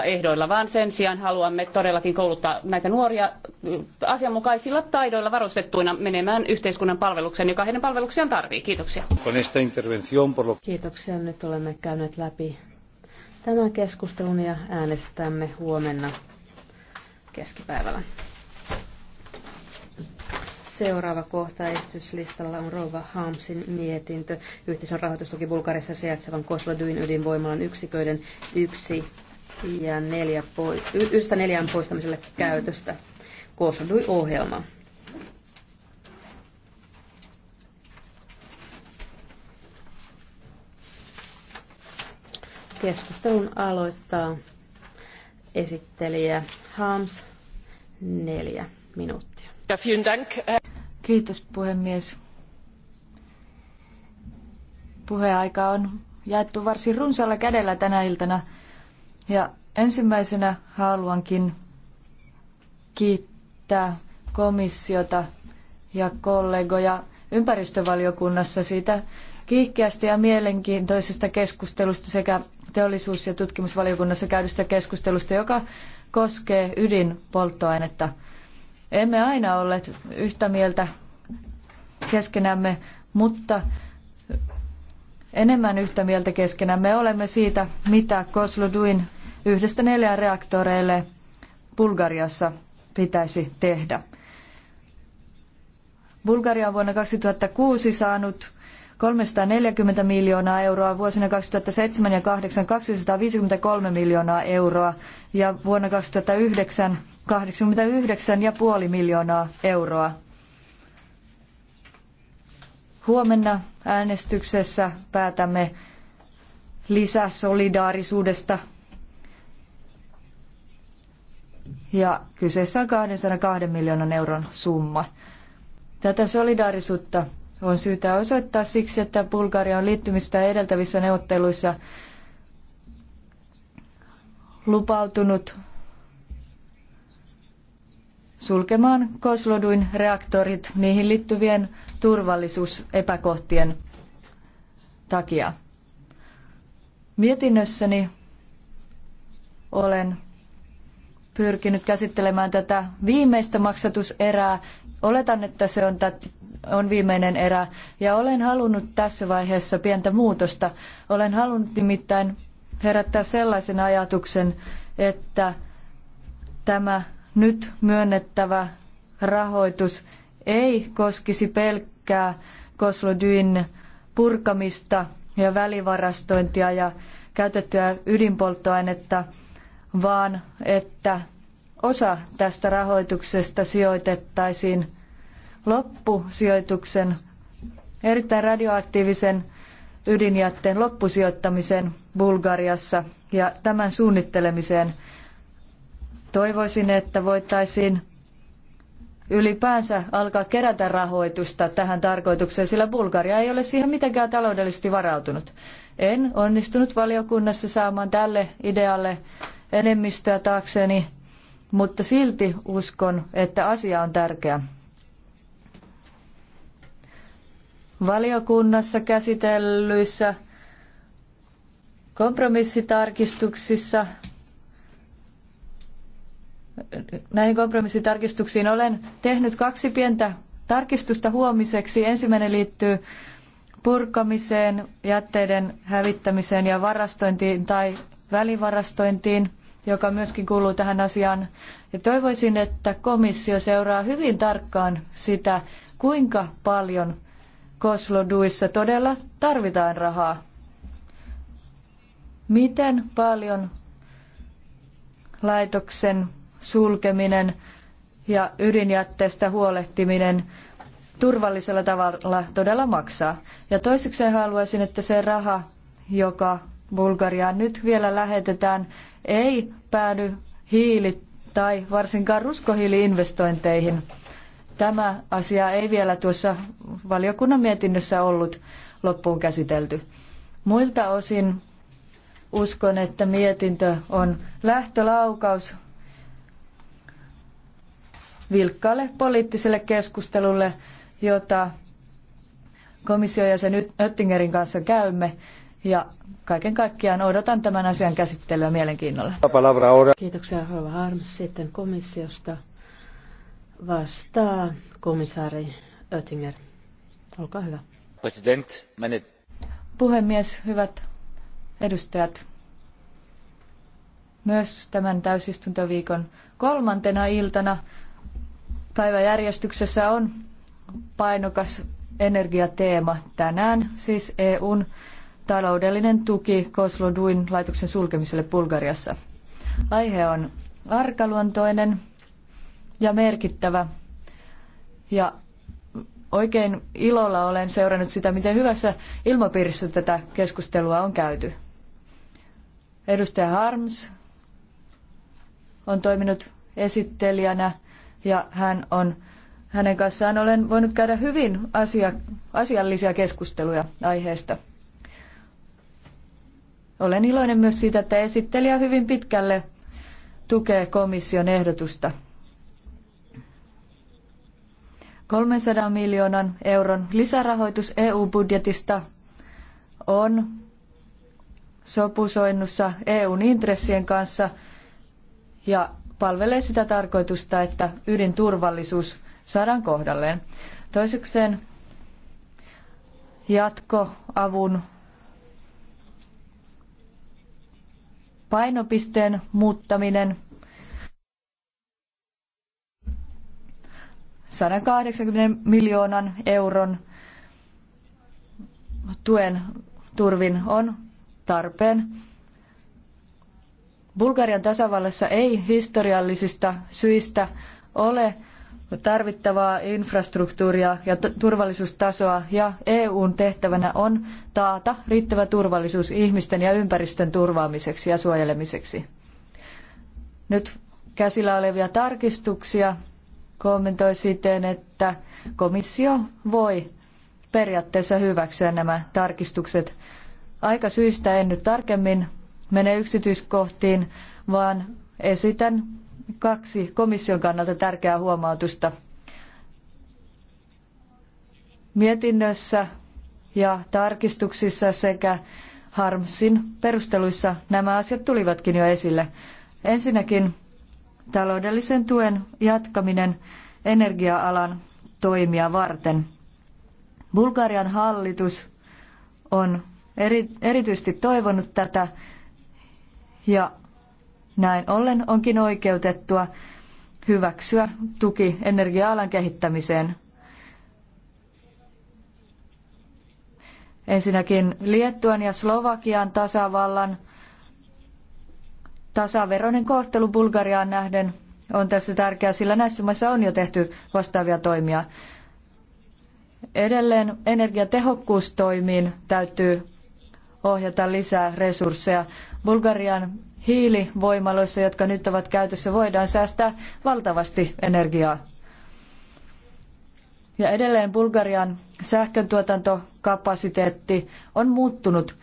ehdoilla, vaan sen sijaan haluamme todellakin kouluttaa näitä nuoria äh, asianmukaisilla taidoilla varustettuina menemään yhteiskunnan palvelukseen, joka heidän palveluksiaan tarvitsee. Kiitoksia. Kiitoksia. Nyt olemme käyneet läpi tämän keskustelun ja äänestämme huomenna keskipäivällä. Seuraava kohta esityslistalla on Rova Hamsin mietintö. Yhteisön rahoitustuki Bulgarissa sijaitsevan Koslodyin ydinvoimalan yksiköiden yksi ja neljä poi, yhdestä neljän poistamiselle käytöstä koostui ohjelma. Keskustelun aloittaa esittelijä Hams, neljä minuuttia. Kiitos puhemies. Puheaika on jaettu varsin runsaalla kädellä tänä iltana. Ja ensimmäisenä haluankin kiittää komissiota ja kollegoja ympäristövaliokunnassa siitä kiihkeästä ja mielenkiintoisesta keskustelusta sekä teollisuus- ja tutkimusvaliokunnassa käydystä keskustelusta, joka koskee ydinpolttoainetta. Emme aina olleet yhtä mieltä keskenämme, mutta enemmän yhtä mieltä keskenämme olemme siitä, mitä Kosloduin yhdestä neljään reaktoreille Bulgariassa pitäisi tehdä. Bulgaria on vuonna 2006 saanut 340 miljoonaa euroa, vuosina 2007 ja 2008 253 miljoonaa euroa ja vuonna 2009 89,5 miljoonaa euroa. Huomenna äänestyksessä päätämme lisäsolidaarisuudesta ja kyseessä on 202 miljoonan euron summa. Tätä solidaarisuutta on syytä osoittaa siksi, että Bulgaria on liittymistä edeltävissä neuvotteluissa lupautunut sulkemaan Kosloduin reaktorit niihin liittyvien turvallisuusepäkohtien takia. Mietinnössäni olen pyrkinyt käsittelemään tätä viimeistä maksatuserää. Oletan, että se on, tät, on viimeinen erä. Ja olen halunnut tässä vaiheessa pientä muutosta. Olen halunnut nimittäin herättää sellaisen ajatuksen, että tämä nyt myönnettävä rahoitus ei koskisi pelkkää Koslodyn purkamista ja välivarastointia ja käytettyä ydinpolttoainetta – vaan että osa tästä rahoituksesta sijoitettaisiin loppusijoituksen, erittäin radioaktiivisen ydinjätteen loppusijoittamiseen Bulgariassa ja tämän suunnittelemiseen. Toivoisin, että voitaisiin ylipäänsä alkaa kerätä rahoitusta tähän tarkoitukseen, sillä Bulgaria ei ole siihen mitenkään taloudellisesti varautunut. En onnistunut valiokunnassa saamaan tälle idealle enemmistöä taakseni, mutta silti uskon, että asia on tärkeä. Valiokunnassa käsitellyissä kompromissitarkistuksissa näihin kompromissitarkistuksiin olen tehnyt kaksi pientä tarkistusta huomiseksi. Ensimmäinen liittyy purkamiseen, jätteiden hävittämiseen ja varastointiin tai välivarastointiin joka myöskin kuuluu tähän asiaan. Ja toivoisin, että komissio seuraa hyvin tarkkaan sitä, kuinka paljon Kosloduissa todella tarvitaan rahaa. Miten paljon laitoksen sulkeminen ja ydinjätteestä huolehtiminen turvallisella tavalla todella maksaa. Ja toiseksi haluaisin, että se raha, joka Bulgariaan nyt vielä lähetetään, ei päädy hiili- tai varsinkaan ruskohiiliinvestointeihin. Tämä asia ei vielä tuossa valiokunnan mietinnössä ollut loppuun käsitelty. Muilta osin uskon, että mietintö on lähtölaukaus vilkkaalle poliittiselle keskustelulle, jota komission jäsen Oettingerin kanssa käymme ja kaiken kaikkiaan odotan tämän asian käsittelyä mielenkiinnolla. Kiitoksia Rova Harms. Sitten komissiosta vastaa komissaari Oettinger. Olkaa hyvä. President, meine... Puhemies, hyvät edustajat. Myös tämän täysistuntoviikon kolmantena iltana päiväjärjestyksessä on painokas energiateema tänään, siis EUn taloudellinen tuki Koslow-duin laitoksen sulkemiselle Bulgariassa. Aihe on arkaluontoinen ja merkittävä. Ja oikein ilolla olen seurannut sitä, miten hyvässä ilmapiirissä tätä keskustelua on käyty. Edustaja Harms on toiminut esittelijänä ja hän on, hänen kanssaan olen voinut käydä hyvin asia, asiallisia keskusteluja aiheesta. Olen iloinen myös siitä, että esittelijä hyvin pitkälle tukee komission ehdotusta. 300 miljoonan euron lisärahoitus EU-budjetista on sopusoinnussa EUn intressien kanssa ja palvelee sitä tarkoitusta, että ydinturvallisuus saadaan kohdalleen. Toisekseen jatkoavun painopisteen muuttaminen 180 miljoonan euron tuen turvin on tarpeen. Bulgarian tasavallassa ei historiallisista syistä ole tarvittavaa infrastruktuuria ja turvallisuustasoa ja EUn tehtävänä on taata riittävä turvallisuus ihmisten ja ympäristön turvaamiseksi ja suojelemiseksi. Nyt käsillä olevia tarkistuksia kommentoi siten, että komissio voi periaatteessa hyväksyä nämä tarkistukset. Aikasyistä en nyt tarkemmin mene yksityiskohtiin, vaan esitän kaksi komission kannalta tärkeää huomautusta. Mietinnössä ja tarkistuksissa sekä Harmsin perusteluissa nämä asiat tulivatkin jo esille. Ensinnäkin taloudellisen tuen jatkaminen energia-alan toimia varten. Bulgarian hallitus on erityisesti toivonut tätä ja näin ollen onkin oikeutettua hyväksyä tuki energia-alan kehittämiseen. Ensinnäkin Liettuan ja Slovakian tasavallan tasaveroinen kohtelu Bulgariaan nähden on tässä tärkeää, sillä näissä maissa on jo tehty vastaavia toimia. Edelleen energiatehokkuustoimiin täytyy ohjata lisää resursseja. Bulgarian hiilivoimaloissa, jotka nyt ovat käytössä, voidaan säästää valtavasti energiaa. Ja edelleen Bulgarian sähköntuotantokapasiteetti on muuttunut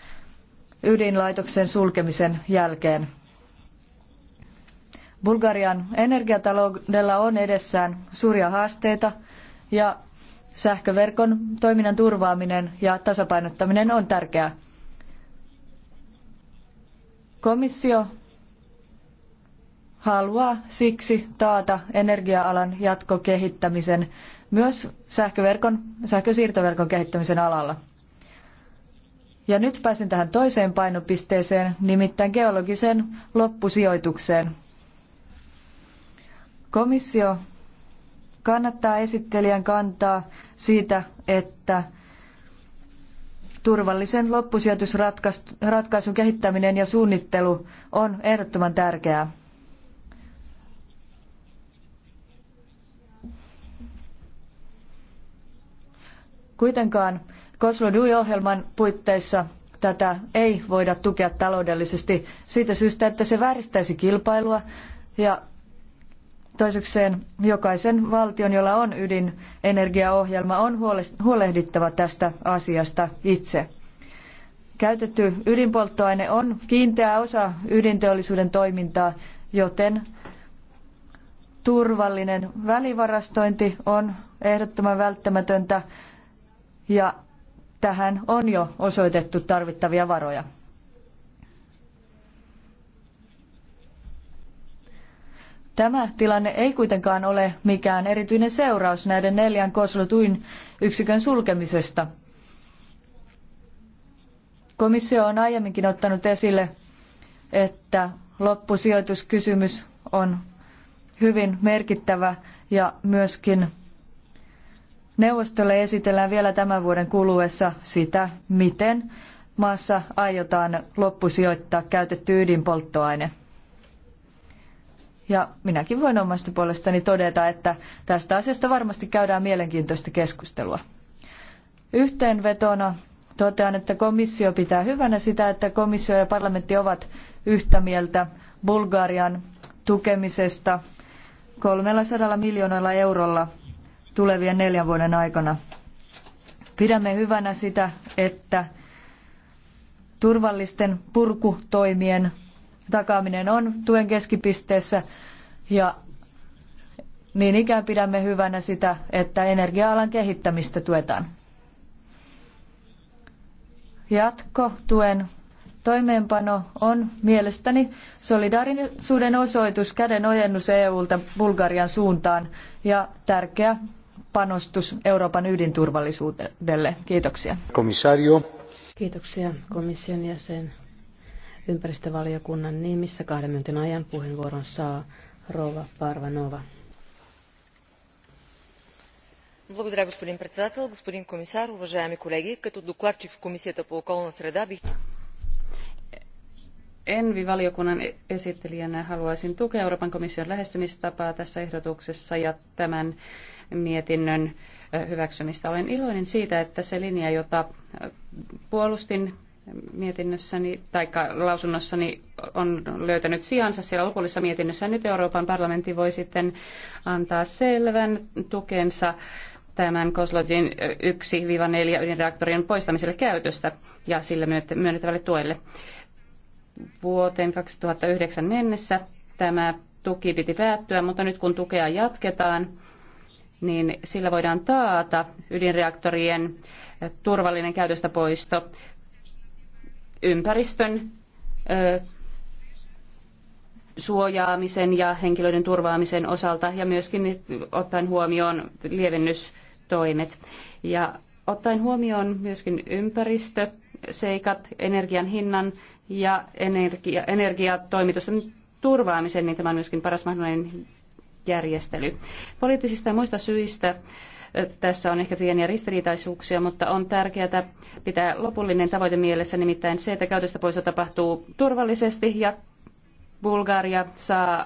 ydinlaitoksen sulkemisen jälkeen. Bulgarian energiataloudella on edessään suuria haasteita ja sähköverkon toiminnan turvaaminen ja tasapainottaminen on tärkeää. Komissio haluaa siksi taata energia-alan jatkokehittämisen myös sähköverkon, sähkösiirtoverkon kehittämisen alalla. Ja nyt pääsen tähän toiseen painopisteeseen, nimittäin geologiseen loppusijoitukseen. Komissio kannattaa esittelijän kantaa siitä, että turvallisen loppusijoitusratkaisun kehittäminen ja suunnittelu on ehdottoman tärkeää. Kuitenkaan Kosloduj-ohjelman puitteissa tätä ei voida tukea taloudellisesti siitä syystä, että se vääristäisi kilpailua ja toisekseen jokaisen valtion, jolla on ydinenergiaohjelma, on huolehdittava tästä asiasta itse. Käytetty ydinpolttoaine on kiinteä osa ydinteollisuuden toimintaa, joten turvallinen välivarastointi on ehdottoman välttämätöntä ja tähän on jo osoitettu tarvittavia varoja. Tämä tilanne ei kuitenkaan ole mikään erityinen seuraus näiden neljän koslotuin yksikön sulkemisesta. Komissio on aiemminkin ottanut esille, että loppusijoituskysymys on hyvin merkittävä ja myöskin Neuvostolle esitellään vielä tämän vuoden kuluessa sitä, miten maassa aiotaan loppusijoittaa käytetty ydinpolttoaine. Ja minäkin voin omasta puolestani todeta, että tästä asiasta varmasti käydään mielenkiintoista keskustelua. Yhteenvetona totean, että komissio pitää hyvänä sitä, että komissio ja parlamentti ovat yhtä mieltä Bulgarian tukemisesta 300 miljoonalla eurolla tulevien neljän vuoden aikana. Pidämme hyvänä sitä, että turvallisten purkutoimien takaaminen on tuen keskipisteessä ja niin ikään pidämme hyvänä sitä, että energia-alan kehittämistä tuetaan. Jatkotuen toimeenpano on mielestäni solidaarisuuden osoitus, kädenojennus EUlta Bulgarian suuntaan ja tärkeä panostus Euroopan ydinturvallisuudelle. Kiitoksia. Komissario. Kiitoksia komission jäsen. Ympäristövaliokunnan nimissä kahden minuutin ajan puheenvuoron saa Rova Parvanova. Благодаря, господин председател, господин комисар, уважаеми колеги. Като докладчик в Комисията по околна среда бих... Envi-valiokunnan esittelijänä haluaisin tukea Euroopan komission lähestymistapaa tässä ehdotuksessa ja tämän mietinnön hyväksymistä. Olen iloinen siitä, että se linja, jota puolustin mietinnössäni tai lausunnossani on löytänyt sijansa siellä lopullisessa mietinnössä. Nyt Euroopan parlamentti voi sitten antaa selvän tukensa tämän Koslotin 1-4 ydinreaktorin poistamiselle käytöstä ja sillä myönnettävälle tuelle. Vuoteen 2009 mennessä tämä tuki piti päättyä, mutta nyt kun tukea jatketaan, niin sillä voidaan taata ydinreaktorien turvallinen käytöstä poisto ympäristön suojaamisen ja henkilöiden turvaamisen osalta ja myöskin ottaen huomioon lievennystoimet. Ja ottaen huomioon myöskin ympäristöseikat, energian hinnan ja energia, energiatoimitusten turvaamisen, niin tämä on myöskin paras mahdollinen järjestely. Poliittisista ja muista syistä tässä on ehkä pieniä ristiriitaisuuksia, mutta on tärkeää pitää lopullinen tavoite mielessä, nimittäin se, että käytöstä poisto tapahtuu turvallisesti ja Bulgaria saa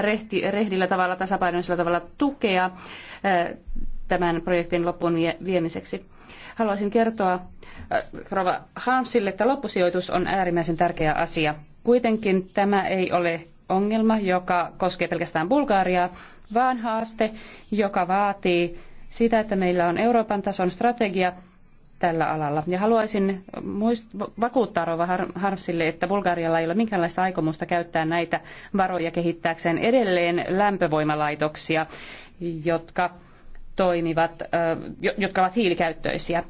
rehti, rehdillä tavalla, tasapainoisella tavalla tukea tämän projektin loppuun viemiseksi. Haluaisin kertoa Rova Haamsille, että loppusijoitus on äärimmäisen tärkeä asia. Kuitenkin tämä ei ole ongelma, joka koskee pelkästään Bulgariaa, vaan haaste, joka vaatii sitä, että meillä on Euroopan tason strategia tällä alalla. Ja haluaisin muist- vakuuttaa Rova Harmsille, että Bulgarialla ei ole minkäänlaista aikomusta käyttää näitä varoja kehittääkseen edelleen lämpövoimalaitoksia, jotka toimivat, jotka ovat hiilikäyttöisiä.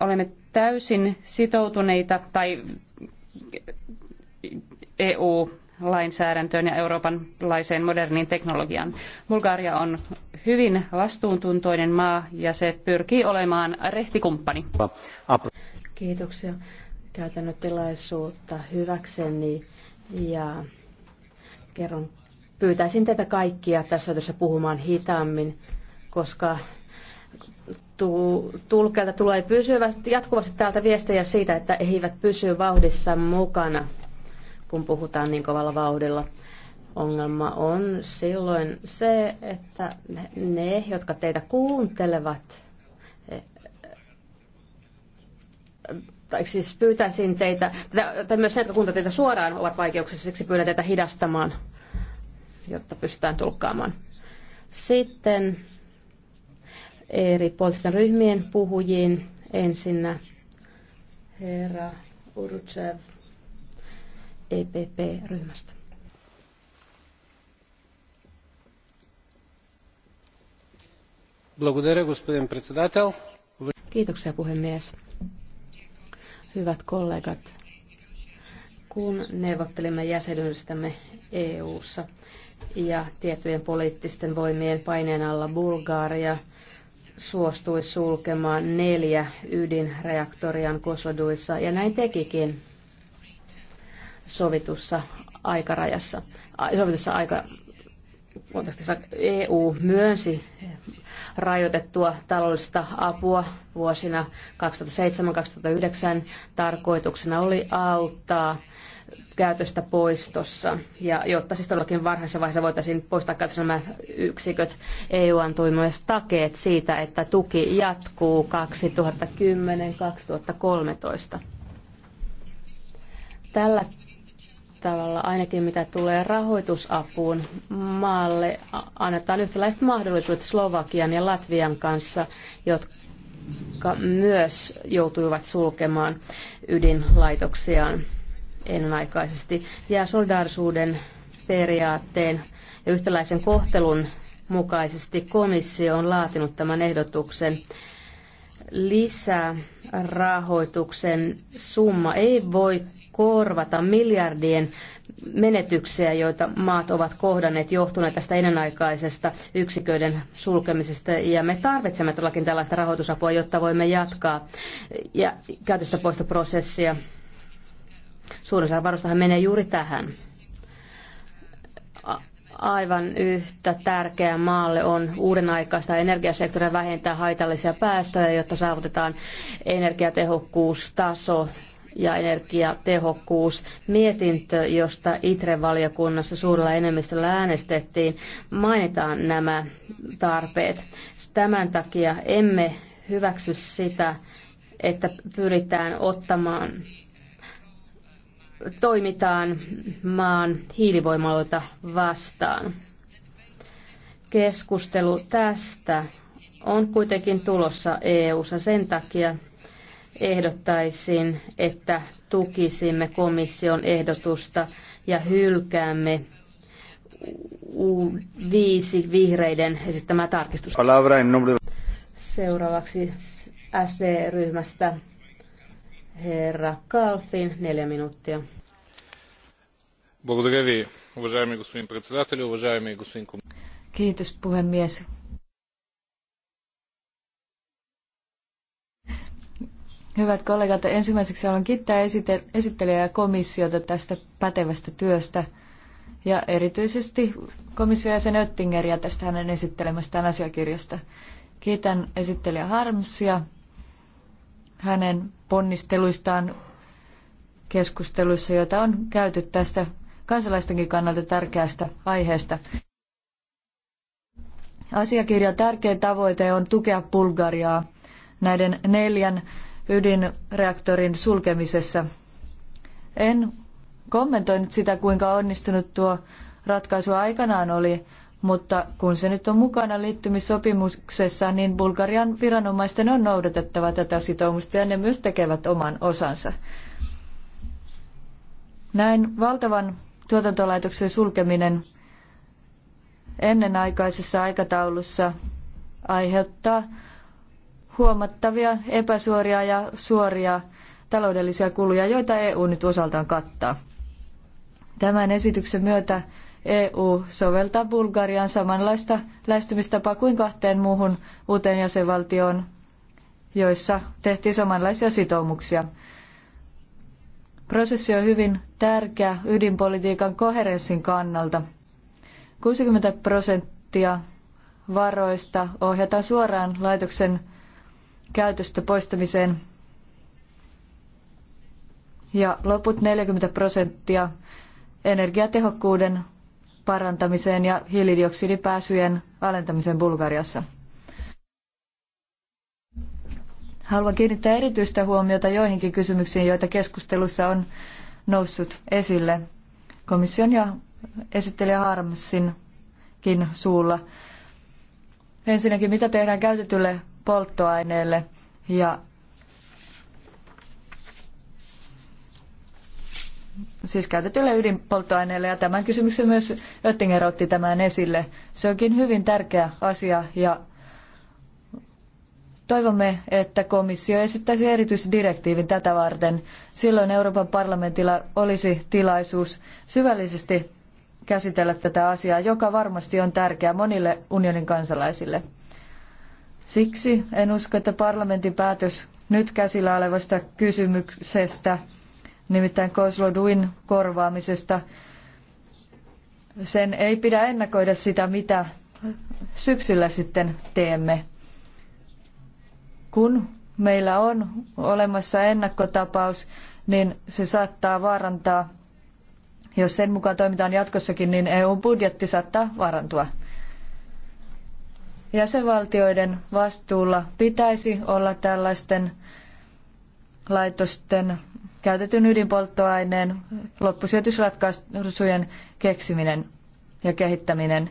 Olemme täysin sitoutuneita tai EU lainsäädäntöön ja euroopanlaiseen moderniin teknologiaan. Bulgaria on hyvin vastuuntuntoinen maa ja se pyrkii olemaan rehtikumppani. Kiitoksia. Käytän nyt tilaisuutta hyväkseni ja kerron. Pyytäisin teitä kaikkia tässä yhteydessä puhumaan hitaammin, koska tulkeilta tulee pysyvästi, jatkuvasti täältä viestejä siitä, että he eivät pysy vauhdissa mukana kun puhutaan niin kovalla vauhdilla. Ongelma on silloin se, että ne, jotka teitä kuuntelevat, eh, tai siis pyytäisin teitä, tai myös ne, jotka kuuntelevat teitä suoraan, ovat vaikeuksissa, siksi pyydän teitä hidastamaan, jotta pystytään tulkkaamaan. Sitten eri puolisten ryhmien puhujiin ensinnä herra Urutsev. EPP-ryhmästä. Kiitoksia puhemies. Hyvät kollegat, kun neuvottelimme jäsenyydestämme EU-ssa ja tiettyjen poliittisten voimien paineen alla Bulgaria suostui sulkemaan neljä ydinreaktoriaan Kosoduissa ja näin tekikin sovitussa aikarajassa, sovitussa aika, kontekstissa EU myönsi rajoitettua taloudellista apua vuosina 2007-2009. Tarkoituksena oli auttaa käytöstä poistossa. Ja jotta siis todellakin varhaisessa vaiheessa voitaisiin poistaa käytössä nämä yksiköt, EU antoi myös takeet siitä, että tuki jatkuu 2010-2013. Tällä tavalla, ainakin mitä tulee rahoitusapuun maalle, annetaan yhtäläiset mahdollisuudet Slovakian ja Latvian kanssa, jotka myös joutuivat sulkemaan ydinlaitoksiaan ennenaikaisesti. Ja solidaarisuuden periaatteen ja yhtäläisen kohtelun mukaisesti komissio on laatinut tämän ehdotuksen lisärahoituksen summa ei voi korvata miljardien menetyksiä, joita maat ovat kohdanneet johtuneet tästä ennenaikaisesta yksiköiden sulkemisesta. Ja me tarvitsemme todellakin tällaista rahoitusapua, jotta voimme jatkaa ja käytöstä poistoprosessia. Suurin menee juuri tähän aivan yhtä tärkeää maalle on uuden aikaista energiasektoria vähentää haitallisia päästöjä, jotta saavutetaan energiatehokkuustaso, ja energiatehokkuus. Mietintö, josta ITRE-valiokunnassa suurella enemmistöllä äänestettiin, mainitaan nämä tarpeet. Tämän takia emme hyväksy sitä, että pyritään ottamaan toimitaan maan hiilivoimaloita vastaan. Keskustelu tästä on kuitenkin tulossa EU:ssa sen takia, ehdottaisin, että tukisimme komission ehdotusta ja hylkäämme viisi vihreiden esittämää tarkistusta. Seuraavaksi SD-ryhmästä herra Kalfin, neljä minuuttia. Kiitos puhemies, Hyvät kollegat, ensimmäiseksi haluan kiittää esittelijää ja komissiota tästä pätevästä työstä ja erityisesti komission jäsen Oettingeriä tästä hänen esittelemästään asiakirjasta. Kiitän esittelijä Harmsia hänen ponnisteluistaan keskusteluissa, joita on käyty tästä kansalaistenkin kannalta tärkeästä aiheesta. Asiakirjan tärkein tavoite on tukea Bulgariaa näiden neljän ydinreaktorin sulkemisessa. En kommentoinut sitä, kuinka onnistunut tuo ratkaisu aikanaan oli, mutta kun se nyt on mukana liittymissopimuksessa, niin Bulgarian viranomaisten on noudatettava tätä sitoumusta ja ne myös tekevät oman osansa. Näin valtavan tuotantolaitoksen sulkeminen ennenaikaisessa aikataulussa aiheuttaa huomattavia epäsuoria ja suoria taloudellisia kuluja, joita EU nyt osaltaan kattaa. Tämän esityksen myötä EU soveltaa Bulgariaan samanlaista lähestymistapaa kuin kahteen muuhun uuteen jäsenvaltioon, joissa tehtiin samanlaisia sitoumuksia. Prosessi on hyvin tärkeä ydinpolitiikan koherenssin kannalta. 60 prosenttia varoista ohjataan suoraan laitoksen käytöstä poistamiseen. Ja loput 40 prosenttia energiatehokkuuden parantamiseen ja hiilidioksidipääsyjen alentamiseen Bulgariassa. Haluan kiinnittää erityistä huomiota joihinkin kysymyksiin, joita keskustelussa on noussut esille komission ja esittelijä Harmsinkin suulla. Ensinnäkin, mitä tehdään käytetylle polttoaineelle ja siis käytetylle ydinpolttoaineelle ja tämän kysymyksen myös Oettinger otti tämän esille. Se onkin hyvin tärkeä asia ja toivomme, että komissio esittäisi erityisdirektiivin tätä varten. Silloin Euroopan parlamentilla olisi tilaisuus syvällisesti käsitellä tätä asiaa, joka varmasti on tärkeää monille unionin kansalaisille. Siksi en usko, että parlamentin päätös nyt käsillä olevasta kysymyksestä, nimittäin Kosloduin korvaamisesta, sen ei pidä ennakoida sitä, mitä syksyllä sitten teemme. Kun meillä on olemassa ennakkotapaus, niin se saattaa vaarantaa, jos sen mukaan toimitaan jatkossakin, niin EU-budjetti saattaa vaarantua. Jäsenvaltioiden vastuulla pitäisi olla tällaisten laitosten käytetyn ydinpolttoaineen loppusijoitusratkaisujen keksiminen ja kehittäminen.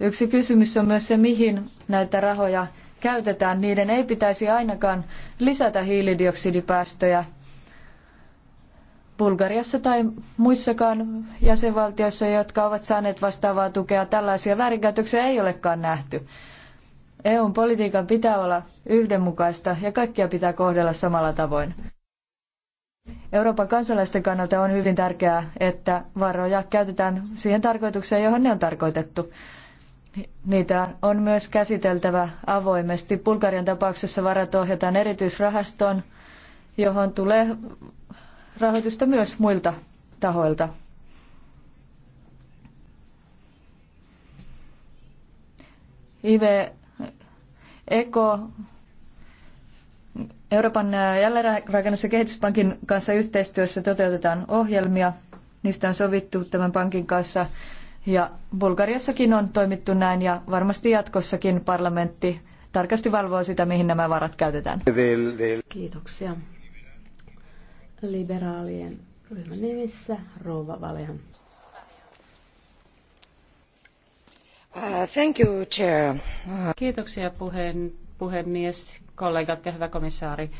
Yksi kysymys on myös se, mihin näitä rahoja käytetään. Niiden ei pitäisi ainakaan lisätä hiilidioksidipäästöjä Bulgariassa tai muissakaan jäsenvaltioissa, jotka ovat saaneet vastaavaa tukea, tällaisia väärinkäytöksiä ei olekaan nähty. EUn politiikan pitää olla yhdenmukaista ja kaikkia pitää kohdella samalla tavoin. Euroopan kansalaisten kannalta on hyvin tärkeää, että varoja käytetään siihen tarkoitukseen, johon ne on tarkoitettu. Niitä on myös käsiteltävä avoimesti. Bulgarian tapauksessa varat ohjataan erityisrahastoon, johon tulee rahoitusta myös muilta tahoilta. Ive Eko Euroopan jälleenrakennus- ja kehityspankin kanssa yhteistyössä toteutetaan ohjelmia. Niistä on sovittu tämän pankin kanssa ja Bulgariassakin on toimittu näin ja varmasti jatkossakin parlamentti tarkasti valvoo sitä, mihin nämä varat käytetään. Kiitoksia liberaalien ryhmän nimissä Rouva Valehan. Uh, thank you, chair. Kiitoksia puheen, puhemies, kollegat ja hyvä komissaari.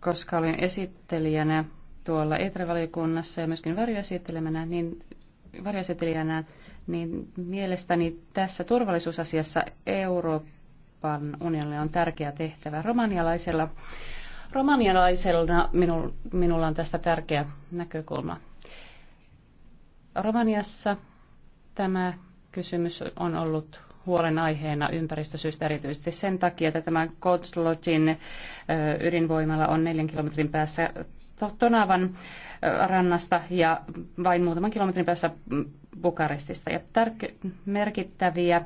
Koska olin esittelijänä tuolla ETRE-valiokunnassa ja myöskin varjoesittelijänä, niin varjoesittelijänä, niin mielestäni tässä turvallisuusasiassa Eurooppa Euroopan unionille on tärkeä tehtävä. Romanialaisella, romanialaisella minu, minulla on tästä tärkeä näkökulma. Romaniassa tämä kysymys on ollut huolenaiheena ympäristösyistä erityisesti sen takia, että tämä Kotslotin ydinvoimala on neljän kilometrin päässä Tonavan rannasta ja vain muutaman kilometrin päässä Bukarestista. Ja tärke- merkittäviä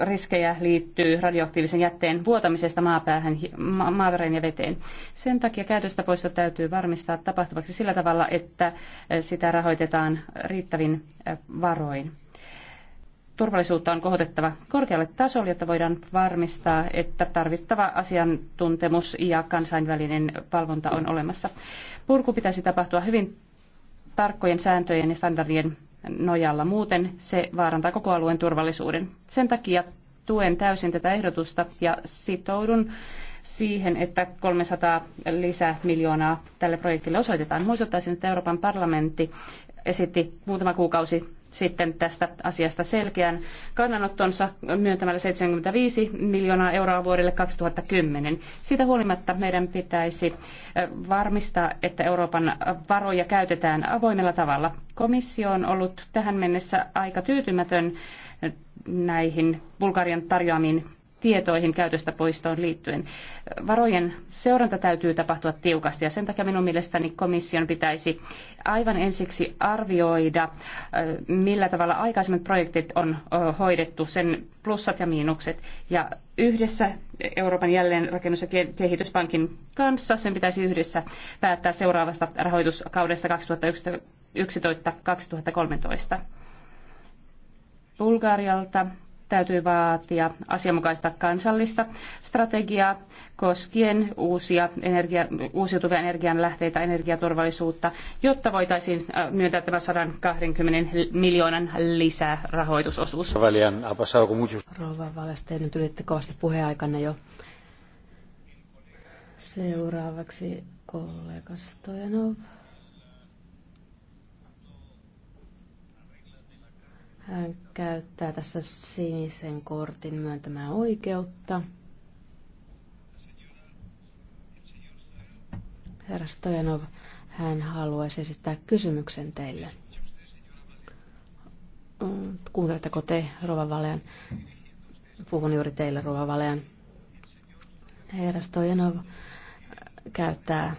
riskejä liittyy radioaktiivisen jätteen vuotamisesta maapäähän, ma- maaperään ja veteen. Sen takia käytöstä poisto täytyy varmistaa tapahtuvaksi sillä tavalla, että sitä rahoitetaan riittävin varoin. Turvallisuutta on kohotettava korkealle tasolle, jotta voidaan varmistaa, että tarvittava asiantuntemus ja kansainvälinen valvonta on olemassa. Purku pitäisi tapahtua hyvin tarkkojen sääntöjen ja standardien nojalla. Muuten se vaarantaa koko alueen turvallisuuden. Sen takia tuen täysin tätä ehdotusta ja sitoudun siihen, että 300 lisää miljoonaa tälle projektille osoitetaan. Muistuttaisin, että Euroopan parlamentti esitti muutama kuukausi sitten tästä asiasta selkeän kannanottonsa myöntämällä 75 miljoonaa euroa vuodelle 2010. Siitä huolimatta meidän pitäisi varmistaa, että Euroopan varoja käytetään avoimella tavalla. Komissio on ollut tähän mennessä aika tyytymätön näihin Bulgarian tarjoamiin tietoihin käytöstä poistoon liittyen. Varojen seuranta täytyy tapahtua tiukasti ja sen takia minun mielestäni komission pitäisi aivan ensiksi arvioida, millä tavalla aikaisemmat projektit on hoidettu, sen plussat ja miinukset. Ja yhdessä Euroopan jälleenrakennus- ja kehityspankin kanssa, sen pitäisi yhdessä päättää seuraavasta rahoituskaudesta 2011-2013. Bulgarialta täytyy vaatia asianmukaista kansallista strategiaa koskien uusia energia, uusiutuvia energianlähteitä, energiaturvallisuutta, jotta voitaisiin äh, myöntää tämä 120 miljoonan lisärahoitusosuus. Rouva Valas, nyt ylitte kovasti puheaikanne jo. Seuraavaksi kollega Stojanov. Hän käyttää tässä sinisen kortin myöntämää oikeutta. Herra Stojanov, hän haluaisi esittää kysymyksen teille. Kuunteletteko te, Rova Valean? Puhun juuri teille, Rova Valean. Herra Stojanov käyttää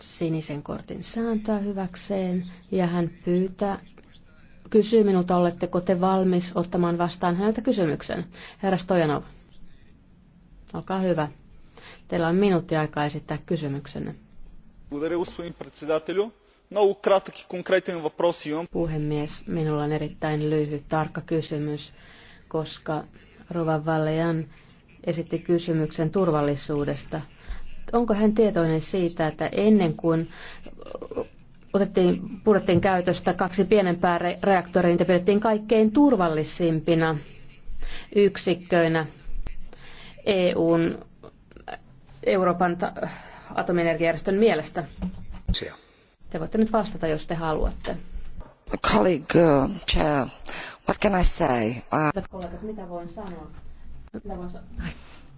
sinisen kortin sääntöä hyväkseen ja hän pyytää, kysyy minulta, oletteko te valmis ottamaan vastaan häneltä kysymyksen. Herra Stojanov, olkaa hyvä. Teillä on minuutti aikaa esittää kysymyksenne. Puhemies, minulla on erittäin lyhyt, tarkka kysymys, koska Rovan Vallejan esitti kysymyksen turvallisuudesta. Onko hän tietoinen siitä, että ennen kuin otettiin, purettiin käytöstä kaksi pienempää reaktoria, niitä pidettiin kaikkein turvallisimpina yksikköinä EUn, Euroopan ta- atomienergiajärjestön mielestä. Te voitte nyt vastata, jos te haluatte. Colleague, uh, chair, what can I say? Uh... mitä voin sanoa? Mitä voin, sa-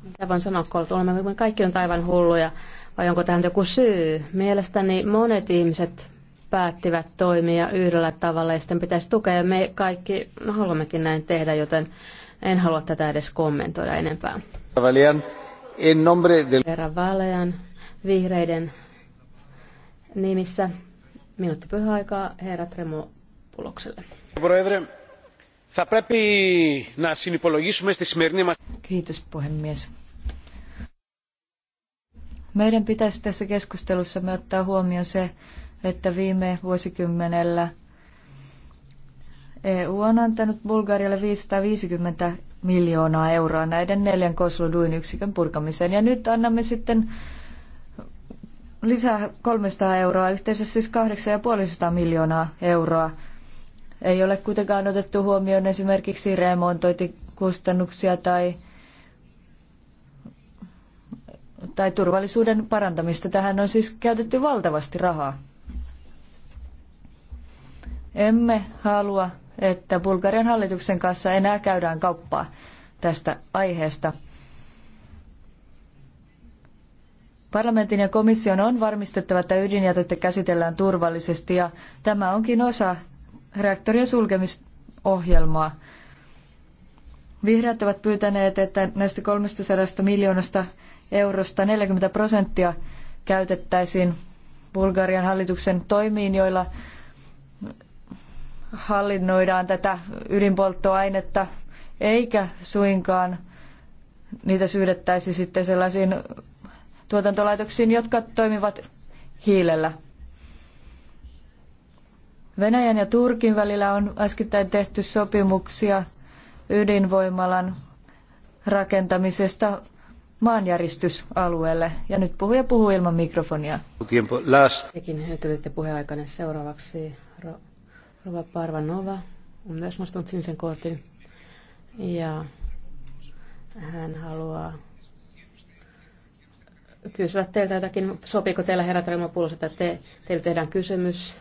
mitä voin sanoa, kollegat? Olemme kaikki on aivan hulluja vai onko tähän joku syy? Mielestäni monet ihmiset päättivät toimia yhdellä tavalla ja sitten pitäisi tukea. me kaikki haluammekin näin tehdä, joten en halua tätä edes kommentoida enempää. Valian, en nombre del... Herra Valean, vihreiden nimissä. Minuutti aikaa, herra Tremopulokselle. Pulokselle. Kiitos puhemies. Meidän pitäisi tässä keskustelussa me ottaa huomioon se, että viime vuosikymmenellä EU on antanut Bulgarialle 550 miljoonaa euroa näiden neljän kosluduin yksikön purkamiseen. Ja nyt annamme sitten lisää 300 euroa, yhteensä siis 850 miljoonaa euroa. Ei ole kuitenkaan otettu huomioon esimerkiksi remontointikustannuksia tai, tai turvallisuuden parantamista. Tähän on siis käytetty valtavasti rahaa. Emme halua, että Bulgarian hallituksen kanssa enää käydään kauppaa tästä aiheesta. Parlamentin ja komission on varmistettava, että ydinjätettä käsitellään turvallisesti ja tämä onkin osa reaktorien sulkemisohjelmaa. Vihreät ovat pyytäneet, että näistä 300 miljoonasta eurosta 40 prosenttia käytettäisiin Bulgarian hallituksen toimiin, joilla hallinnoidaan tätä ydinpolttoainetta, eikä suinkaan niitä syydettäisi sitten sellaisiin tuotantolaitoksiin, jotka toimivat hiilellä. Venäjän ja Turkin välillä on äskettäin tehty sopimuksia ydinvoimalan rakentamisesta maanjäristysalueelle. Ja nyt puhuja puhuu ilman mikrofonia. Tekin hyötylitte puheaikana seuraavaksi. Ro- Rova Parvanova on myös nostanut sinisen kortin ja hän haluaa kysyä teiltä jotakin. Sopiiko teillä herrat Remopulos, että te, teille tehdään kysymys?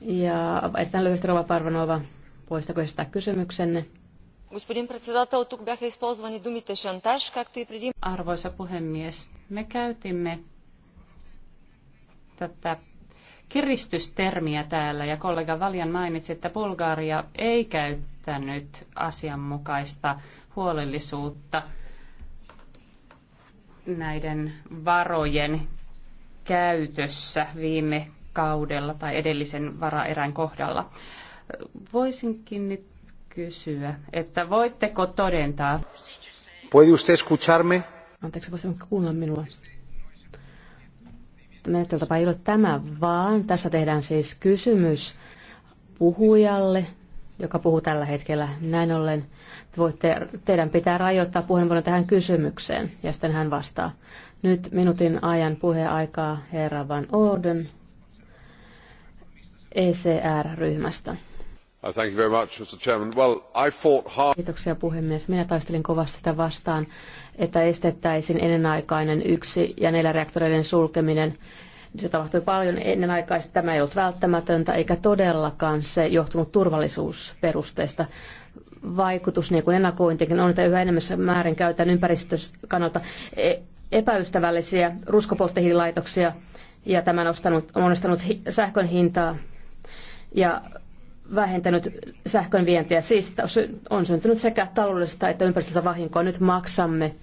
Ja esitän lyhyesti Rova Parvanova, voisitteko esittää kysymyksenne? Arvoisa puhemies, me käytimme tätä kiristystermiä täällä ja kollega Valjan mainitsi, että Bulgaria ei käyttänyt asianmukaista huolellisuutta näiden varojen käytössä viime kaudella tai edellisen varaerän kohdalla. Voisinkin nyt kysyä, että voitteko todentaa? Puede usted escucharme? Anteeksi, voisitko kuunnella minua menettelytapa ei ole tämä, vaan tässä tehdään siis kysymys puhujalle, joka puhuu tällä hetkellä. Näin ollen voitte, teidän pitää rajoittaa puheenvuoron tähän kysymykseen ja sitten hän vastaa. Nyt minuutin ajan puheaikaa herra Van Orden ECR-ryhmästä. Uh, Kiitoksia puhemies. Minä taistelin kovasti sitä vastaan, että estettäisiin ennenaikainen yksi ja neljä reaktoreiden sulkeminen. Se tapahtui paljon ennenaikaisesti. Tämä ei ollut välttämätöntä eikä todellakaan se johtunut turvallisuusperusteista vaikutus, niin kuin ennakointikin on, että yhä enemmän määrin käytetään ympäristön kannalta e- epäystävällisiä ruskopolttehiililaitoksia ja tämä on nostanut, on nostanut sähkön hintaa ja vähentänyt sähkön vientiä. Siis on syntynyt sekä taloudellista että ympäristöstä vahinkoa. Nyt maksamme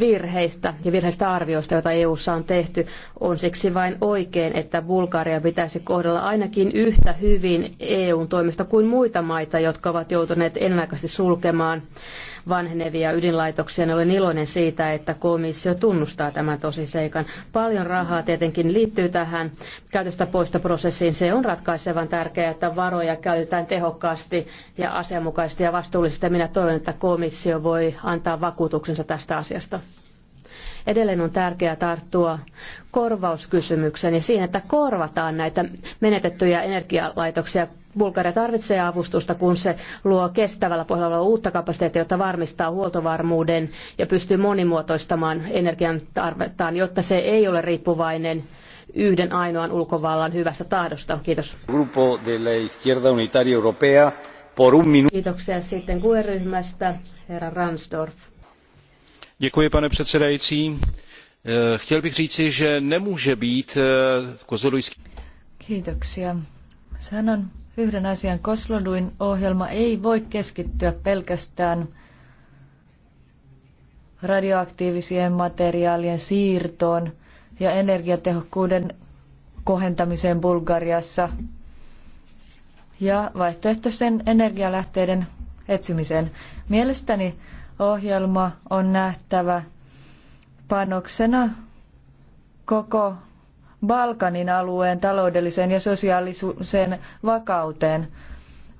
virheistä ja virheistä arvioista, joita EU:ssa on tehty, on siksi vain oikein, että Bulgaria pitäisi kohdella ainakin yhtä hyvin EUn toimesta kuin muita maita, jotka ovat joutuneet ennenaikaisesti sulkemaan vanhenevia ydinlaitoksia, niin olen iloinen siitä, että komissio tunnustaa tämän tosiseikan. Paljon rahaa tietenkin liittyy tähän käytöstä poistoprosessiin. Se on ratkaisevan tärkeää, että varoja käytetään tehokkaasti ja asianmukaisesti ja vastuullisesti. Minä toivon, että komissio voi antaa vakuutuksensa tästä asiasta edelleen on tärkeää tarttua korvauskysymykseen ja siihen, että korvataan näitä menetettyjä energialaitoksia Bulgaria tarvitsee avustusta, kun se luo kestävällä pohjalla uutta kapasiteettia, jotta varmistaa huoltovarmuuden ja pystyy monimuotoistamaan energian tarvettaan, jotta se ei ole riippuvainen yhden ainoan ulkovallan hyvästä tahdosta. Kiitos. Grupo de la izquierda unitaria europea por un minu- Kiitoksia sitten QE-ryhmästä, herra Ransdorf. Děkuji, pane předsedající. Eh, chtěl bych říci, že nemůže být eh, kozolujský... Kiitoksia. Sanon, yhden asian. Kosloduin ohjelma ei voi keskittyä pelkästään radioaktiivisien materiaalien siirtoon ja energiatehokkuuden kohentamiseen Bulgariassa ja vaihtoehtoisen energialähteiden etsimiseen. Mielestäni ohjelma on nähtävä panoksena koko Balkanin alueen taloudelliseen ja sosiaaliseen vakauteen.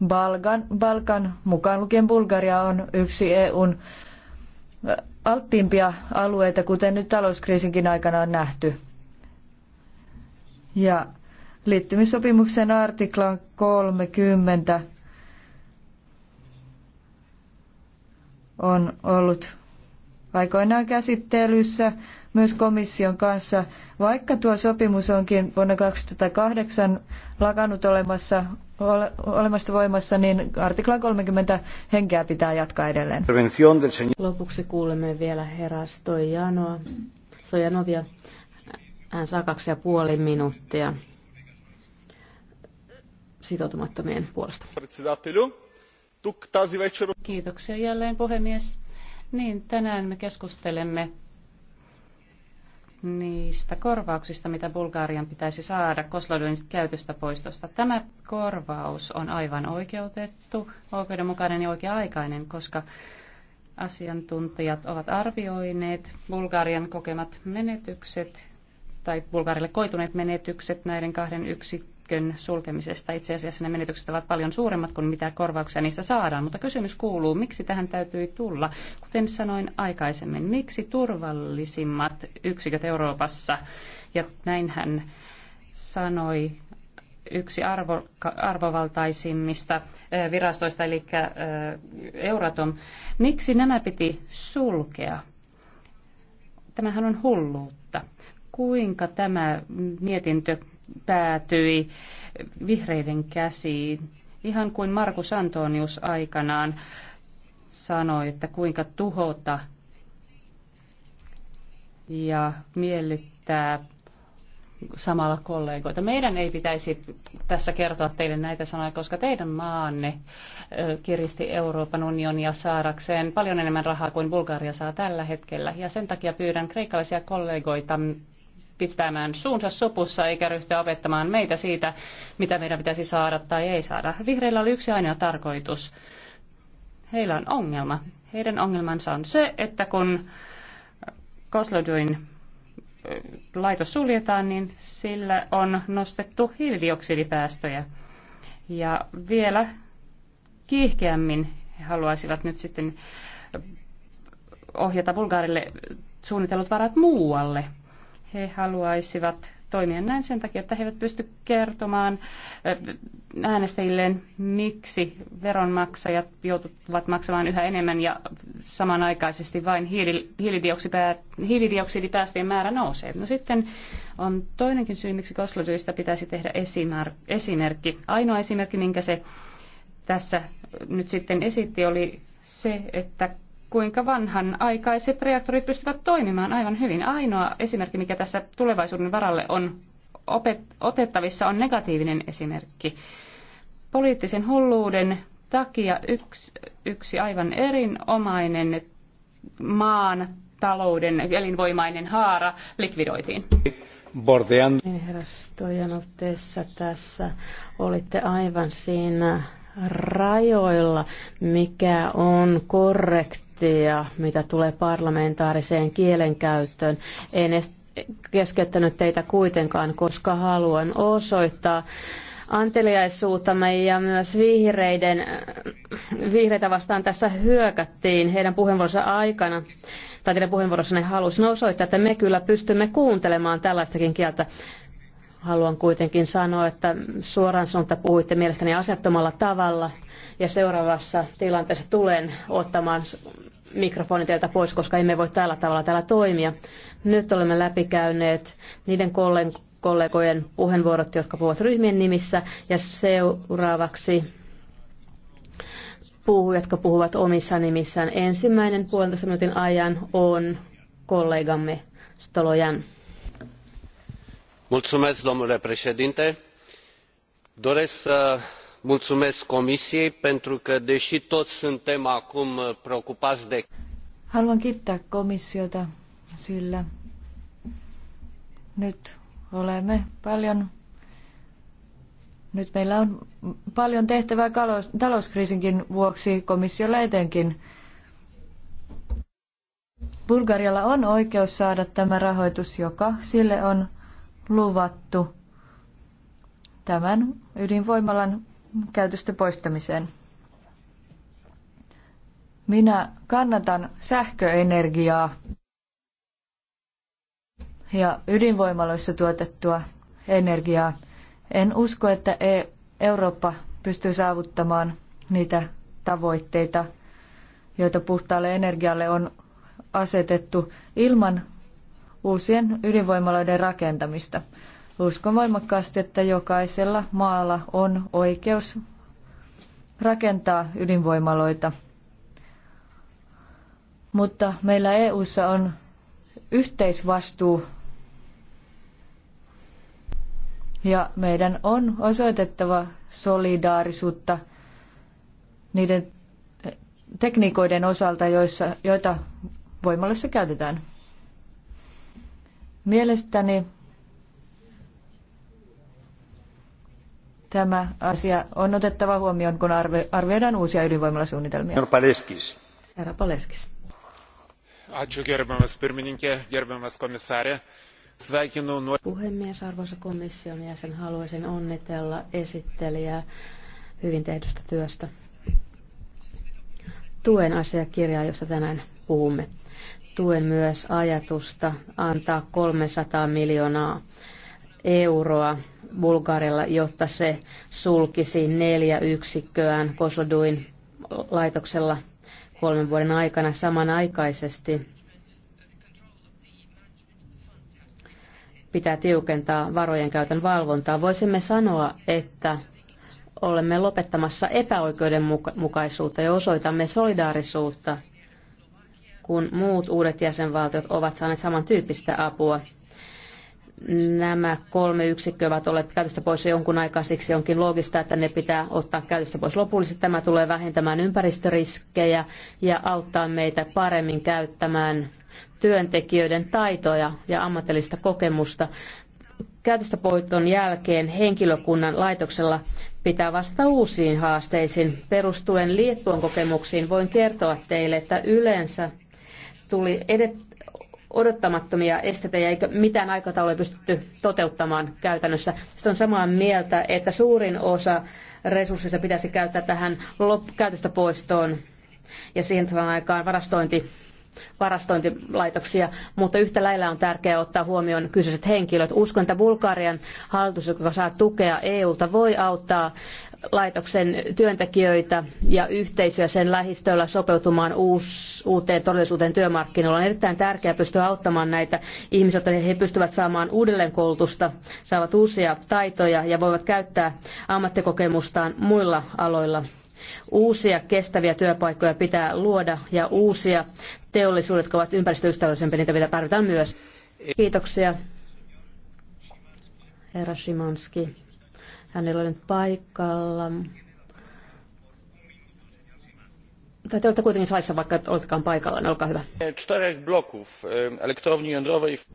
Balkan, Balkan mukaan lukien Bulgaria on yksi EUn äh, alttiimpia alueita, kuten nyt talouskriisinkin aikana on nähty. Ja liittymissopimuksen artiklan 30 on ollut aikoinaan käsittelyssä myös komission kanssa, vaikka tuo sopimus onkin vuonna 2008 lakannut olemassa, ole, olemasta voimassa, niin artikla 30 henkeä pitää jatkaa edelleen. Lopuksi kuulemme vielä herra Stojanoa. Stojanovia. Hän saa kaksi ja puoli minuuttia sitoutumattomien puolesta. Kiitoksia jälleen puhemies niin, tänään me keskustelemme niistä korvauksista, mitä Bulgarian pitäisi saada Kosloduin käytöstä poistosta. Tämä korvaus on aivan oikeutettu, oikeudenmukainen ja oikea-aikainen, koska asiantuntijat ovat arvioineet Bulgarian kokemat menetykset tai Bulgarille koituneet menetykset näiden kahden yksi sähkön sulkemisesta. Itse asiassa ne menetykset ovat paljon suuremmat kuin mitä korvauksia niistä saadaan, mutta kysymys kuuluu, miksi tähän täytyy tulla? Kuten sanoin aikaisemmin, miksi turvallisimmat yksiköt Euroopassa, ja näinhän sanoi yksi arvo, arvovaltaisimmista virastoista, eli Euratom. Miksi nämä piti sulkea? Tämähän on hulluutta. Kuinka tämä mietintö päätyi vihreiden käsiin, ihan kuin Markus Antonius aikanaan sanoi, että kuinka tuhota ja miellyttää samalla kollegoita. Meidän ei pitäisi tässä kertoa teille näitä sanoja, koska teidän maanne kiristi Euroopan unionia saadakseen paljon enemmän rahaa kuin Bulgaria saa tällä hetkellä. Ja sen takia pyydän kreikkalaisia kollegoita pitämään suunsa sopussa eikä ryhtyä opettamaan meitä siitä, mitä meidän pitäisi saada tai ei saada. Vihreillä oli yksi ainoa tarkoitus. Heillä on ongelma. Heidän ongelmansa on se, että kun Kosloduin laitos suljetaan, niin sillä on nostettu hiilidioksidipäästöjä. Ja vielä kiihkeämmin he haluaisivat nyt sitten ohjata Bulgaarille suunnitellut varat muualle he haluaisivat toimia näin sen takia, että he eivät pysty kertomaan äänestäjilleen, miksi veronmaksajat joutuvat maksamaan yhä enemmän ja samanaikaisesti vain hiilidioksidipäästöjen määrä nousee. No sitten on toinenkin syy, miksi Koslodylista pitäisi tehdä esimerkki. Ainoa esimerkki, minkä se tässä nyt sitten esitti, oli se, että kuinka vanhan aikaiset reaktorit pystyvät toimimaan aivan hyvin. Ainoa esimerkki, mikä tässä tulevaisuuden varalle on otettavissa, on negatiivinen esimerkki. Poliittisen hulluuden takia yksi, yksi aivan erinomainen maan talouden elinvoimainen haara likvidoitiin. Bordean. Herra Stojanov, tässä olitte aivan siinä rajoilla, mikä on korrektia, mitä tulee parlamentaariseen kielenkäyttöön. En edes keskeyttänyt teitä kuitenkaan, koska haluan osoittaa anteliaisuutamme ja myös vihreiden, vihreitä vastaan tässä hyökättiin heidän puheenvuoronsa aikana tai teidän puheenvuorossanne halusin osoittaa, että me kyllä pystymme kuuntelemaan tällaistakin kieltä. Haluan kuitenkin sanoa, että suoraan sanottuna puhuitte mielestäni asettomalla tavalla ja seuraavassa tilanteessa tulen ottamaan mikrofonin teiltä pois, koska emme voi tällä tavalla täällä toimia. Nyt olemme läpikäyneet niiden kollegojen puheenvuorot, jotka puhuvat ryhmien nimissä ja seuraavaksi puhujat, jotka puhuvat omissa nimissään. Ensimmäinen puolentoista minuutin ajan on kollegamme Stolojan doresc să mulumesc comisiei pentru că dei toi suntem acum preocupai de. haluan kiittää komissiota sillä nyt olemme paljon nyt meillä on paljon tehtävää talouskriisinkin vuoksi komissiolla etenkin. Bulgarialla on oikeus saada tämä rahoitus, joka sille on luvattu tämän ydinvoimalan käytöstä poistamiseen. Minä kannatan sähköenergiaa ja ydinvoimaloissa tuotettua energiaa. En usko, että e- Eurooppa pystyy saavuttamaan niitä tavoitteita, joita puhtaalle energialle on asetettu ilman uusien ydinvoimaloiden rakentamista. Uskon voimakkaasti, että jokaisella maalla on oikeus rakentaa ydinvoimaloita. Mutta meillä EU:ssa on yhteisvastuu ja meidän on osoitettava solidaarisuutta niiden tekniikoiden osalta, joissa, joita voimaloissa käytetään. Mielestäni tämä asia on otettava huomioon, kun arvioidaan uusia ydinvoimalasuunnitelmia. Paleskis. Herra Paleskis. Ačiū gerbiamas pirmininkė, gerbiamas komisarė. Sveikinu nuo... Puhemies, arvoisa komission jäsen, haluaisin onnitella esittelijää hyvin tehdystä työstä. Tuen asiakirjaa, josta tänään puhumme. Tuen myös ajatusta antaa 300 miljoonaa euroa Bulgarilla, jotta se sulkisi neljä yksikköään Kosloduin laitoksella kolmen vuoden aikana samanaikaisesti. Pitää tiukentaa varojen käytön valvontaa. Voisimme sanoa, että olemme lopettamassa epäoikeudenmukaisuutta ja osoitamme solidaarisuutta – kun muut uudet jäsenvaltiot ovat saaneet samantyyppistä apua. Nämä kolme yksikköä ovat olleet käytöstä pois jonkun aikaa, siksi onkin loogista, että ne pitää ottaa käytöstä pois lopullisesti. Tämä tulee vähentämään ympäristöriskejä ja auttaa meitä paremmin käyttämään työntekijöiden taitoja ja ammatillista kokemusta. Käytöstä poiton jälkeen henkilökunnan laitoksella pitää vastata uusiin haasteisiin. Perustuen Liettuan kokemuksiin voin kertoa teille, että yleensä tuli edet, odottamattomia esteitä ja eikö mitään aikataulua pystytty toteuttamaan käytännössä. Sitten on samaa mieltä, että suurin osa resursseista pitäisi käyttää tähän lop- käytöstä poistoon ja siihen aikaan varastointi varastointilaitoksia, mutta yhtä lailla on tärkeää ottaa huomioon kyseiset henkilöt. Uskon, että Bulgarian hallitus, joka saa tukea EUlta, voi auttaa laitoksen työntekijöitä ja yhteisöä sen lähistöllä sopeutumaan uus, uuteen todellisuuteen työmarkkinoilla. On erittäin tärkeää pystyä auttamaan näitä ihmisiä, jotta he pystyvät saamaan uudelleenkoulutusta, saavat uusia taitoja ja voivat käyttää ammattikokemustaan muilla aloilla Uusia kestäviä työpaikkoja pitää luoda ja uusia teollisuudet, jotka ovat ympäristöystävällisempiä, niitä pitää tarvitaan myös. Kiitoksia. Herra Shimanski. Hänellä oli nyt paikalla. Tai te olette kuitenkin salissa, vaikka oletkaan paikalla, niin olkaa hyvä.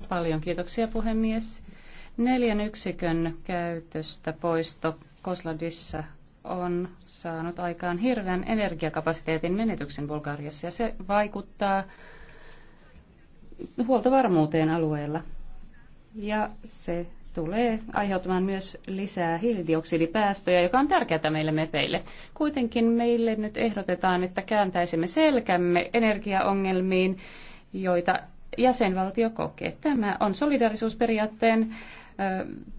Paljon kiitoksia puhemies. Neljän yksikön käytöstä poisto Kosladissa on saanut aikaan hirveän energiakapasiteetin menetyksen Bulgariassa ja se vaikuttaa huoltovarmuuteen alueella. Ja se tulee aiheuttamaan myös lisää hiilidioksidipäästöjä, joka on tärkeää meille mepeille. Kuitenkin meille nyt ehdotetaan, että kääntäisimme selkämme energiaongelmiin, joita jäsenvaltio kokee. Tämä on solidarisuusperiaatteen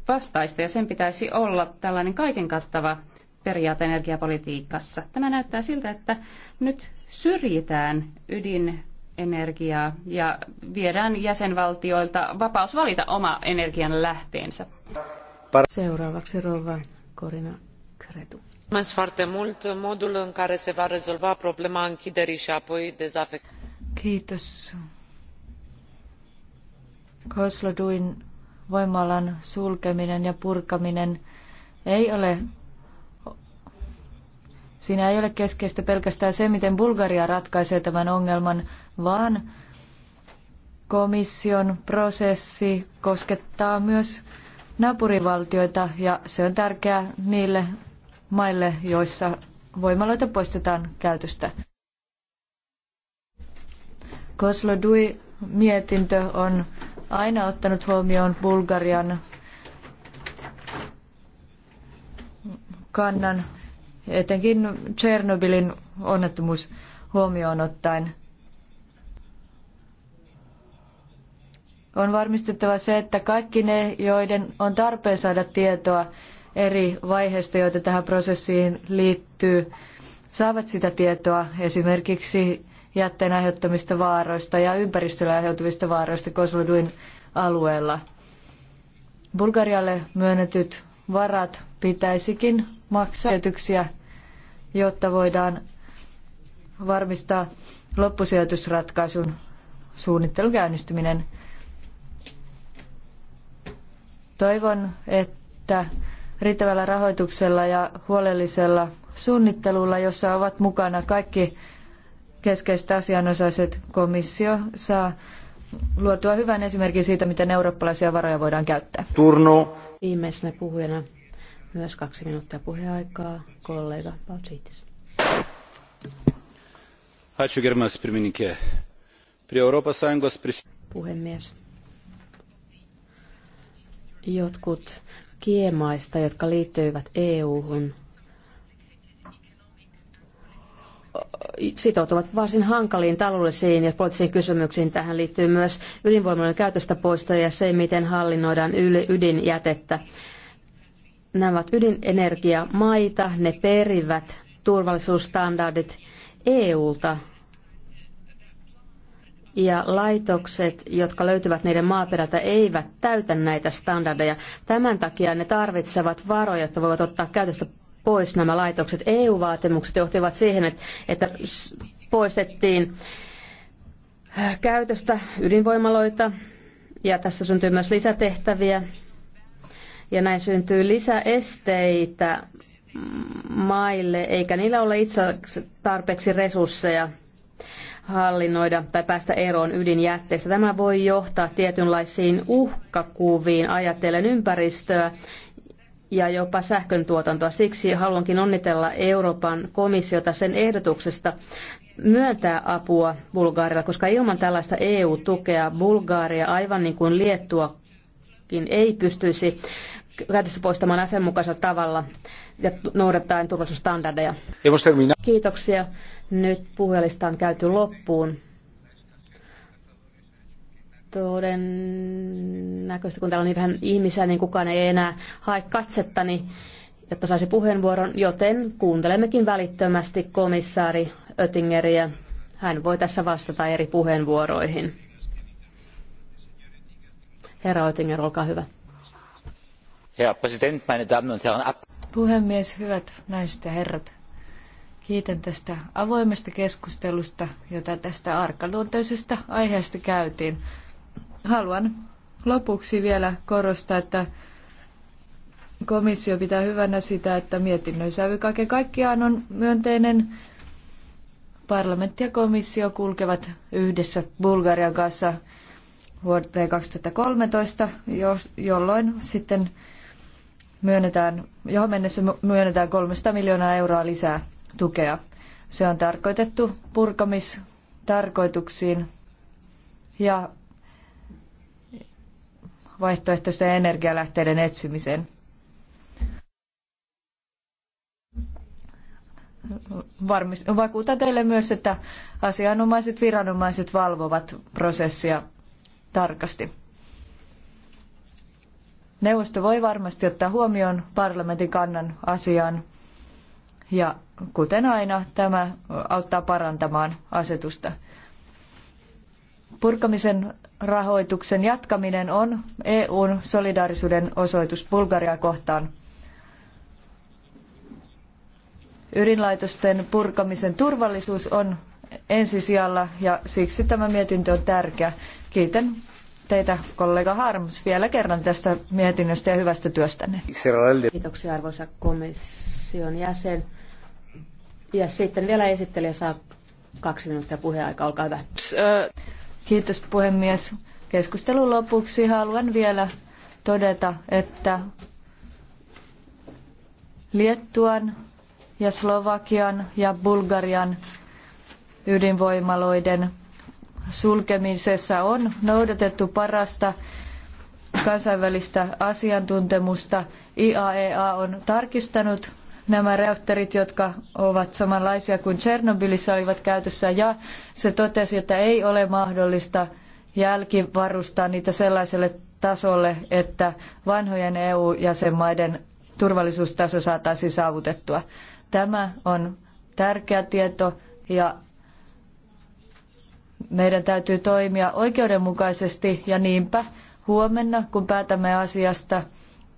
vastaista ja sen pitäisi olla tällainen kaiken kattava periaate energiapolitiikassa. Tämä näyttää siltä, että nyt syrjitään ydinenergiaa ja viedään jäsenvaltioilta vapaus valita oma energian lähteensä. Seuraavaksi rouva Corina Kretu. Mulțumesc foarte mult. Modul în care se va rezolva problema închiderii și apoi dezafectării. Kiitos. Kosloduin voimalan sulkeminen ja purkaminen ei ole Siinä ei ole keskeistä pelkästään se, miten Bulgaria ratkaisee tämän ongelman, vaan komission prosessi koskettaa myös naapurivaltioita ja se on tärkeää niille maille, joissa voimaloita poistetaan käytöstä. Koslo Dui mietintö on aina ottanut huomioon Bulgarian kannan etenkin Chernobylin onnettomuus huomioon ottaen. On varmistettava se, että kaikki ne, joiden on tarpeen saada tietoa eri vaiheista, joita tähän prosessiin liittyy, saavat sitä tietoa esimerkiksi jätteen aiheuttamista vaaroista ja ympäristölle aiheutuvista vaaroista Kosloduin alueella. Bulgarialle myönnetyt varat pitäisikin maksaa jotta voidaan varmistaa loppusijoitusratkaisun suunnittelun käynnistyminen. Toivon, että riittävällä rahoituksella ja huolellisella suunnittelulla, jossa ovat mukana kaikki keskeiset asianosaiset komissio, saa luotua hyvän esimerkin siitä, miten eurooppalaisia varoja voidaan käyttää. Turno Viimeisenä puhujana myös kaksi minuuttia puheaikaa kollega Pautsiitis. Ačiū gerbiamas pirmininkė. Prie Europos Sąjungos pris... Puhemies. Jotkut kiemaista, jotka liittyivät EU-hun sitoutuvat varsin hankaliin taloudellisiin ja poliittisiin kysymyksiin. Tähän liittyy myös ydinvoimaloiden käytöstä poisto ja se, miten hallinnoidaan ydinjätettä. Nämä ovat ydinenergiamaita, ne perivät turvallisuusstandardit EUlta. Ja laitokset, jotka löytyvät niiden maaperältä, eivät täytä näitä standardeja. Tämän takia ne tarvitsevat varoja, jotta voivat ottaa käytöstä pois nämä laitokset. EU-vaatimukset johtivat siihen, että poistettiin äh, käytöstä ydinvoimaloita ja tässä syntyy myös lisätehtäviä ja näin syntyy lisäesteitä maille, eikä niillä ole itse tarpeeksi resursseja hallinnoida tai päästä eroon ydinjätteestä. Tämä voi johtaa tietynlaisiin uhkakuviin ajatellen ympäristöä ja jopa sähkön tuotantoa. Siksi haluankin onnitella Euroopan komissiota sen ehdotuksesta myöntää apua Bulgaarilla, koska ilman tällaista EU-tukea Bulgaaria, aivan niin kuin Liettuakin, ei pystyisi käytössä poistamaan asianmukaisella tavalla ja noudattaen turvallisuusstandardeja. Kiitoksia. Nyt puhelista on käyty loppuun. Toden näköistä, kun täällä on niin vähän ihmisiä, niin kukaan ei enää hae katsettani, jotta saisi puheenvuoron, joten kuuntelemmekin välittömästi komissaari Oettingeriä. Hän voi tässä vastata eri puheenvuoroihin. Herra Oettinger, olkaa hyvä. Herra president, meine Damen und Herren. Puhemies, hyvät naiset ja herrat. Kiitän tästä avoimesta keskustelusta, jota tästä arkaluontoisesta aiheesta käytiin. Haluan lopuksi vielä korostaa, että komissio pitää hyvänä sitä, että mietinnön sävy kaiken kaikkiaan on myönteinen. Parlamentti ja komissio kulkevat yhdessä Bulgarian kanssa vuoteen 2013, jolloin sitten myönnetään, johon mennessä myönnetään 300 miljoonaa euroa lisää tukea. Se on tarkoitettu purkamistarkoituksiin ja vaihtoehtoisten energialähteiden etsimiseen. vakuutan teille myös, että asianomaiset viranomaiset valvovat prosessia tarkasti. Neuvosto voi varmasti ottaa huomioon parlamentin kannan asiaan ja kuten aina tämä auttaa parantamaan asetusta purkamisen rahoituksen jatkaminen on EUn solidaarisuuden osoitus Bulgariaa kohtaan. Ydinlaitosten purkamisen turvallisuus on ensisijalla ja siksi tämä mietintö on tärkeä. Kiitän teitä kollega Harms vielä kerran tästä mietinnöstä ja hyvästä työstänne. Kiitoksia arvoisa komission jäsen. Ja sitten vielä esittelijä saa kaksi minuuttia puheaikaa, olkaa hyvä. Kiitos puhemies. Keskustelun lopuksi haluan vielä todeta, että Liettuan ja Slovakian ja Bulgarian ydinvoimaloiden sulkemisessa on noudatettu parasta kansainvälistä asiantuntemusta. IAEA e on tarkistanut nämä reaktorit, jotka ovat samanlaisia kuin Tsernobylissä olivat käytössä ja se totesi, että ei ole mahdollista jälkivarustaa niitä sellaiselle tasolle, että vanhojen EU-jäsenmaiden turvallisuustaso saataisiin saavutettua. Tämä on tärkeä tieto ja meidän täytyy toimia oikeudenmukaisesti ja niinpä huomenna, kun päätämme asiasta,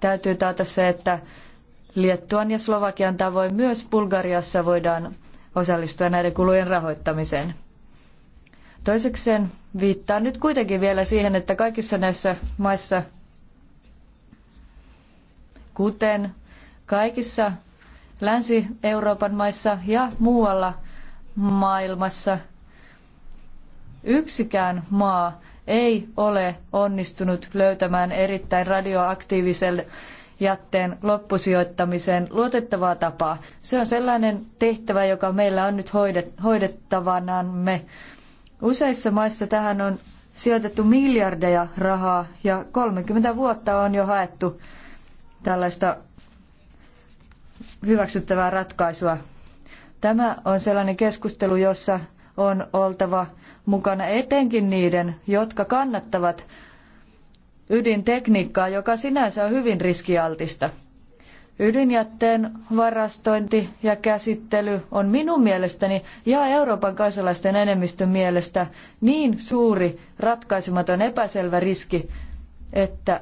täytyy taata se, että Liettuan ja Slovakian tavoin myös Bulgariassa voidaan osallistua näiden kulujen rahoittamiseen. Toisekseen viittaan nyt kuitenkin vielä siihen, että kaikissa näissä maissa, kuten kaikissa Länsi-Euroopan maissa ja muualla maailmassa, yksikään maa ei ole onnistunut löytämään erittäin radioaktiiviselle jätteen loppusijoittamiseen luotettavaa tapaa. Se on sellainen tehtävä, joka meillä on nyt hoidettavanamme. Useissa maissa tähän on sijoitettu miljardeja rahaa ja 30 vuotta on jo haettu tällaista hyväksyttävää ratkaisua. Tämä on sellainen keskustelu, jossa on oltava mukana etenkin niiden, jotka kannattavat ydintekniikkaa, joka sinänsä on hyvin riskialtista. Ydinjätteen varastointi ja käsittely on minun mielestäni ja Euroopan kansalaisten enemmistön mielestä niin suuri ratkaisematon epäselvä riski, että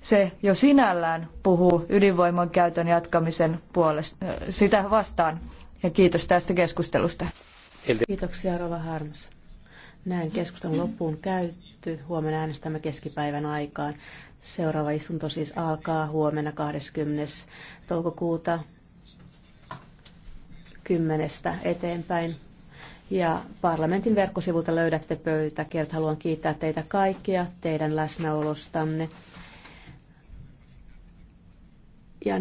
se jo sinällään puhuu ydinvoiman käytön jatkamisen puolesta, äh, sitä vastaan. Ja kiitos tästä keskustelusta. Kiitoksia Rova Harms. Näin keskustelun loppuun käytty. Huomenna äänestämme keskipäivän aikaan. Seuraava istunto siis alkaa huomenna 20. toukokuuta 10. eteenpäin. Ja parlamentin verkkosivulta löydätte pöytäkirjat. Haluan kiittää teitä kaikkia teidän läsnäolostanne. Ja